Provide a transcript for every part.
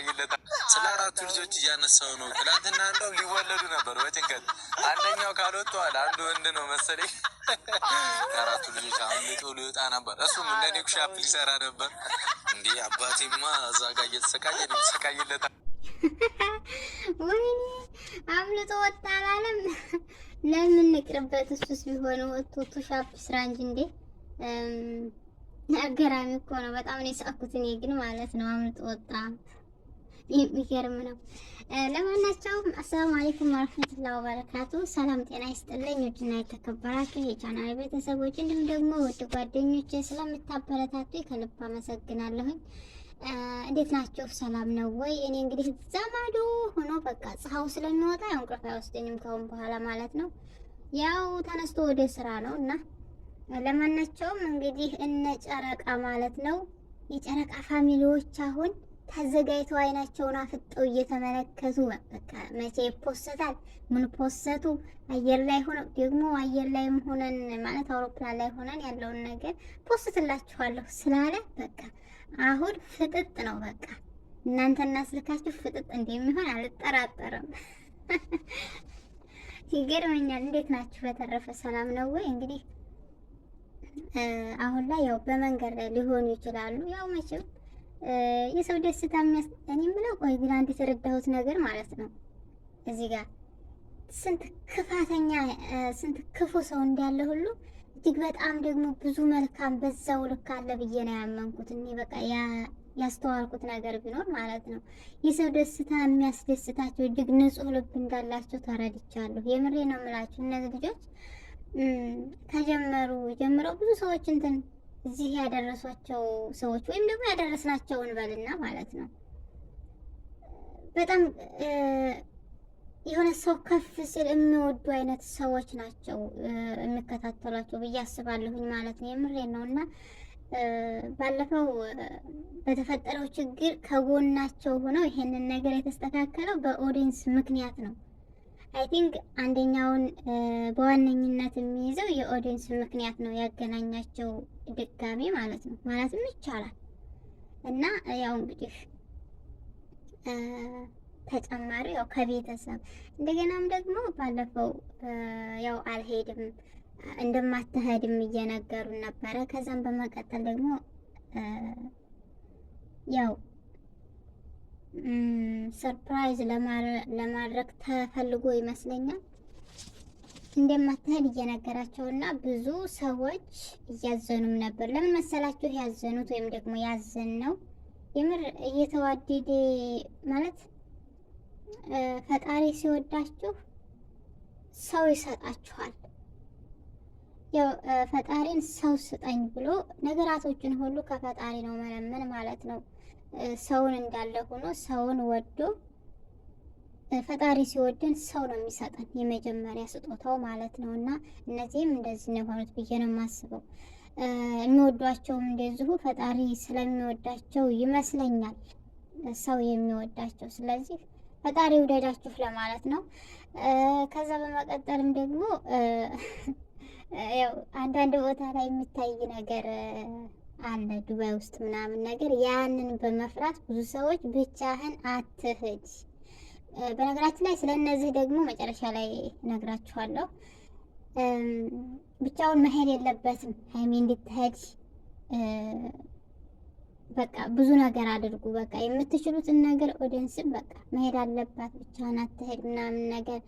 ይታይለታል። ስለ አራቱ ልጆች እያነሳው ነው። ትናንትና እንደው ሊወለዱ ነበር በጭንቀት አንደኛው ካልወጥተዋል። አንዱ ወንድ ነው መሰለኝ። አራቱ ልጆች አምልጦ ሊወጣ ነበር። እሱም እንደ ኔኩሻፕ ሊሰራ ነበር። እንዲ አባቴማ እዛ ጋ እየተሰቃየ ነው። ተሰቃይለታል። ወይኔ አምልጦ ወጣ አላለም። ለምን ንቅርበት። እሱስ ቢሆን ወጥቶ ቶሻፕ ስራ እንጂ እንዴ አገራሚ እኮ ነው። በጣም ነው የሳኩት እኔ ግን ማለት ነው አምልጦ ወጣ። የሚገርም ነው። ለማናቸውም አሰላሙ አሌይኩም ወረህመቱላሂ ወበረካቱ። ሰላም ጤና ይስጥልኝ ውድና የተከበራችሁ የቻናል ቤተሰቦች እንዲሁም ደግሞ ውድ ጓደኞች ስለምታበረታቱ ከልብ አመሰግናለሁኝ። እንዴት ናችሁ? ሰላም ነው ወይ? እኔ እንግዲህ ዘማዱ ሆኖ በቃ ፀሐው ስለሚወጣ ያው እንቅልፍ አይወስደኝም ከአሁን በኋላ ማለት ነው። ያው ተነስቶ ወደ ስራ ነው እና ለማናቸውም እንግዲህ እነ ጨረቃ ማለት ነው የጨረቃ ፋሚሊዎች አሁን ተዘጋጅተው አይናቸውን አፍጠው እየተመለከቱ በቃ መቼ ይፖሰታል፣ ምን ፖሰቱ አየር ላይ ሆነ ደግሞ አየር ላይም ሆነን ማለት አውሮፕላን ላይ ሆነን ያለውን ነገር ፖስትላችኋለሁ ስላለ በቃ አሁን ፍጥጥ ነው። በቃ እናንተና ስልካችሁ ፍጥጥ እንደሚሆን አልጠራጠርም። ይገርመኛል። እንዴት ናችሁ? በተረፈ ሰላም ነው ወይ? እንግዲህ አሁን ላይ ያው በመንገድ ላይ ሊሆኑ ይችላሉ። ያው መቼም የሰው ደስታ የሚያስ እኔ ቆይ ግን አንድ የተረዳሁት ነገር ማለት ነው እዚህ ጋር ስንት ክፋተኛ ስንት ክፉ ሰው እንዳለ ሁሉ እጅግ በጣም ደግሞ ብዙ መልካም በዛው ልክ አለ ብዬ ነው ያመንኩት። እኔ በቃ ያስተዋልኩት ነገር ቢኖር ማለት ነው የሰው ደስታ የሚያስደስታቸው እጅግ ንጹሕ ልብ እንዳላቸው ተረድቻለሁ። የምሬ ነው የምላቸው እነዚህ ልጆች ከጀመሩ ጀምረው ብዙ ሰዎች እንትን እዚህ ያደረሷቸው ሰዎች ወይም ደግሞ ያደረስናቸው እንበልና ማለት ነው። በጣም የሆነ ሰው ከፍ ሲል የሚወዱ አይነት ሰዎች ናቸው የሚከታተሏቸው ብዬ አስባለሁኝ ማለት ነው። የምሬን ነው እና ባለፈው በተፈጠረው ችግር ከጎናቸው ሆነው ይሄንን ነገር የተስተካከለው በኦዲንስ ምክንያት ነው። አይ ቲንክ አንደኛውን በዋነኝነት የሚይዘው የኦዲንስ ምክንያት ነው ያገናኛቸው ድጋሜ ማለት ነው ማለትም ይቻላል። እና ያው እንግዲህ ተጨማሪ ያው ከቤተሰብ እንደገናም ደግሞ ባለፈው ያው አልሄድም እንደማትሄድም እየነገሩን ነበረ። ከዛም በመቀጠል ደግሞ ያው ሰርፕራይዝ ለማድረግ ተፈልጎ ይመስለኛል እንደማትሄድ እየነገራቸው እና ብዙ ሰዎች እያዘኑም ነበር። ለምን መሰላችሁ ያዘኑት ወይም ደግሞ ያዘን ነው የምር እየተዋደደ ማለት ፈጣሪ ሲወዳችሁ ሰው ይሰጣችኋል። ያው ፈጣሪን ሰው ስጠኝ ብሎ ነገራቶችን ሁሉ ከፈጣሪ ነው መለመን ማለት ነው። ሰውን እንዳለ ሆኖ ሰውን ወዶ ፈጣሪ ሲወድን ሰው ነው የሚሰጠን የመጀመሪያ ስጦታው ማለት ነው። እና እነዚህም እንደዚህ ነበሩት ብዬ ነው የማስበው። የሚወዷቸውም እንደዚሁ ፈጣሪ ስለሚወዳቸው ይመስለኛል ሰው የሚወዳቸው። ስለዚህ ፈጣሪ ውደዳችሁ ለማለት ነው። ከዛ በመቀጠልም ደግሞ ያው አንዳንድ ቦታ ላይ የሚታይ ነገር አለ ዱባይ ውስጥ ምናምን ነገር፣ ያንን በመፍራት ብዙ ሰዎች ብቻህን አትህድ። በነገራችን ላይ ስለ እነዚህ ደግሞ መጨረሻ ላይ ነግራችኋለሁ። ብቻውን መሄድ የለበትም ሀይሚ እንድትሄድ በቃ ብዙ ነገር አድርጉ። በቃ የምትችሉትን ነገር ኦዲንስም በቃ መሄድ አለባት ብቻውን አትሄድ ምናምን ነገር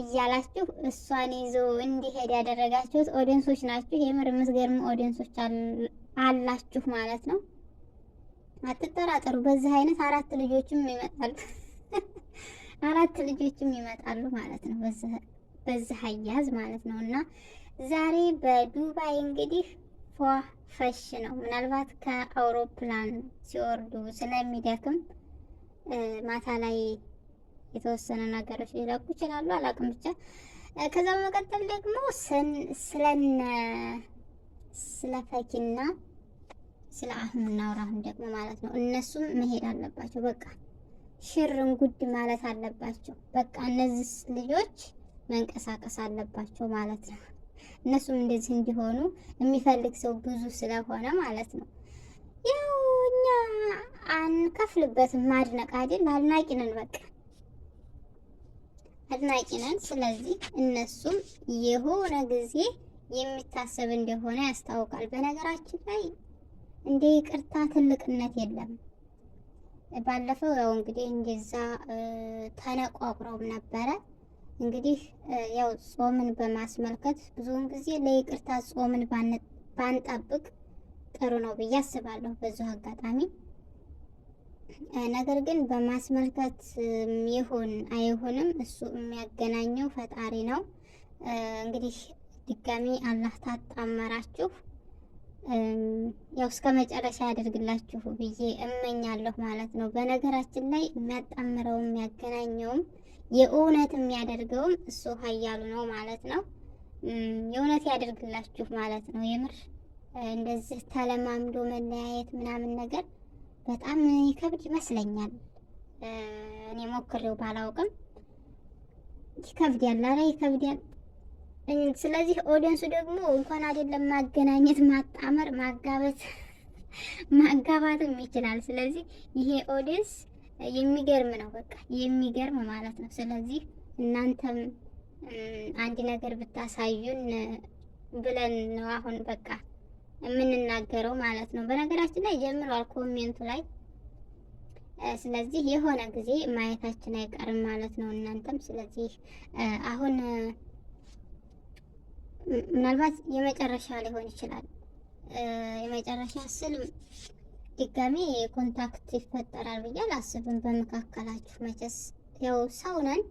እያላችሁ እሷን ይዞ እንዲሄድ ያደረጋችሁት ኦዲንሶች ናችሁ። የምር የምትገርሙ ኦዲንሶች አላችሁ ማለት ነው። አትጠራጠሩ። በዚህ አይነት አራት ልጆችም ይመጣሉ። አራት ልጆችም ይመጣሉ ማለት ነው በዚህ አያያዝ ማለት ነው። እና ዛሬ በዱባይ እንግዲህ ፏ ፈሽ ነው። ምናልባት ከአውሮፕላን ሲወርዱ ስለሚደክም ማታ ላይ የተወሰነ ነገሮች ሊለቁ ይችላሉ፣ አላቅም ብቻ። ከዛ በመቀጠል ደግሞ ስለነ ስለ ፈኪና ስለ አህሙና እናውራሁን ደግሞ ማለት ነው። እነሱም መሄድ አለባቸው በቃ ሽርን ጉድ ማለት አለባቸው። በቃ እነዚህ ልጆች መንቀሳቀስ አለባቸው ማለት ነው። እነሱም እንደዚህ እንዲሆኑ የሚፈልግ ሰው ብዙ ስለሆነ ማለት ነው። ያው እኛ አንከፍልበትም። ማድነቅ አይደል አድናቂ ነን፣ በቃ አድናቂ ነን። ስለዚህ እነሱም የሆነ ጊዜ የሚታሰብ እንደሆነ ያስታውቃል። በነገራችን ላይ እንደ ይቅርታ ትልቅነት የለም። ባለፈው ያው እንግዲህ እንደዛ ተነቋቁረው ነበረ። እንግዲህ ያው ጾምን በማስመልከት ብዙውን ጊዜ ለይቅርታ ጾምን ባንጠብቅ ጥሩ ነው ብዬ አስባለሁ በዙ አጋጣሚ። ነገር ግን በማስመልከት ይሁን አይሁንም እሱ የሚያገናኘው ፈጣሪ ነው። እንግዲህ ድጋሚ አላህ ታጣመራችሁ ያው እስከ መጨረሻ ያደርግላችሁ ብዬ እመኛለሁ ማለት ነው። በነገራችን ላይ የሚያጣምረውም የሚያገናኘውም የእውነት የሚያደርገውም እሱ ኃያሉ ነው ማለት ነው። የእውነት ያደርግላችሁ ማለት ነው። የምር እንደዚህ ተለማምዶ መለያየት ምናምን ነገር በጣም ይከብድ ይመስለኛል። እኔ ሞክሬው ባላውቅም ይከብዳል፣ ኧረ ይከብዳል። ስለዚህ ኦዲየንሱ ደግሞ እንኳን አይደለም ማገናኘት፣ ማጣመር፣ ማጋበት ማጋባትም ይችላል። ስለዚህ ይሄ ኦዲየንስ የሚገርም ነው፣ በቃ የሚገርም ማለት ነው። ስለዚህ እናንተም አንድ ነገር ብታሳዩን ብለን ነው አሁን በቃ የምንናገረው ማለት ነው። በነገራችን ላይ ጀምሯል ኮሜንቱ ላይ። ስለዚህ የሆነ ጊዜ ማየታችን አይቀርም ማለት ነው። እናንተም ስለዚህ አሁን ምናልባት የመጨረሻ ሊሆን ይችላል። የመጨረሻ ስል ድጋሜ ኮንታክት ይፈጠራል ብዬ አላስብም። በመካከላችሁ መቼስ ያው ሰው ነን።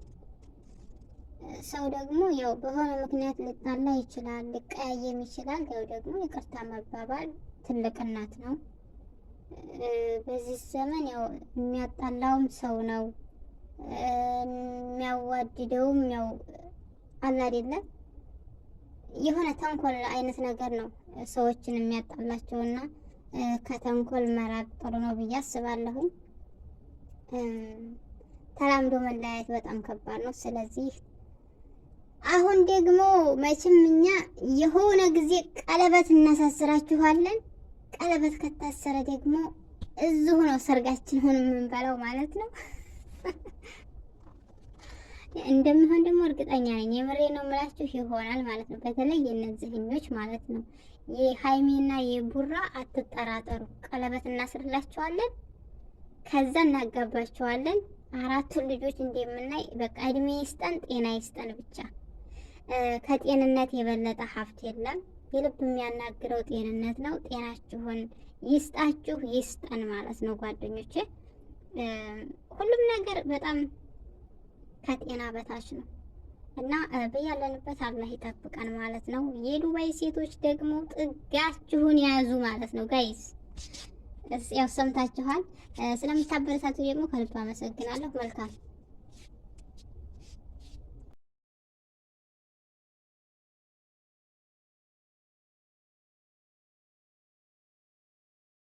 ሰው ደግሞ ያው በሆነ ምክንያት ሊጣላ ይችላል፣ ሊቀያየም ይችላል። ያው ደግሞ ይቅርታ መባባል ትልቅነት ነው። በዚህ ዘመን ያው የሚያጣላውም ሰው ነው፣ የሚያዋድደውም ያው አለ አይደለም የሆነ ተንኮል አይነት ነገር ነው ሰዎችን የሚያጣላቸውና ከተንኮል መራቅ ጥሩ ነው ብዬ አስባለሁ ተላምዶ መለያየት በጣም ከባድ ነው። ስለዚህ አሁን ደግሞ መቼም እኛ የሆነ ጊዜ ቀለበት እናሳስራችኋለን። ቀለበት ከታሰረ ደግሞ እዚሁ ነው ሰርጋችን ሆን የምንበላው ማለት ነው። እንደምሆን ደግሞ እርግጠኛ ነኝ። የምሬ ነው ምላችሁ ይሆናል ማለት ነው። በተለይ የነዚህኞች ማለት ነው የሀይሜና የቡራ አትጠራጠሩ። ቀለበት እናስርላቸዋለን ከዛ እናጋባቸዋለን አራቱን ልጆች እንደምናይ በቃ እድሜ ይስጠን፣ ጤና ይስጠን። ብቻ ከጤንነት የበለጠ ሀብት የለም። የልብ የሚያናግረው ጤንነት ነው። ጤናችሁን ይስጣችሁ፣ ይስጠን ማለት ነው ጓደኞቼ። ሁሉም ነገር በጣም ከጤና በታች ነው እና በያለንበት አላህ ይጠብቀን ማለት ነው። የዱባይ ሴቶች ደግሞ ጥጋችሁን የያዙ ማለት ነው ጋይስ። ያው ሰምታችኋል። ስለምታበረታቱ ደግሞ ከልብ አመሰግናለሁ። መልካም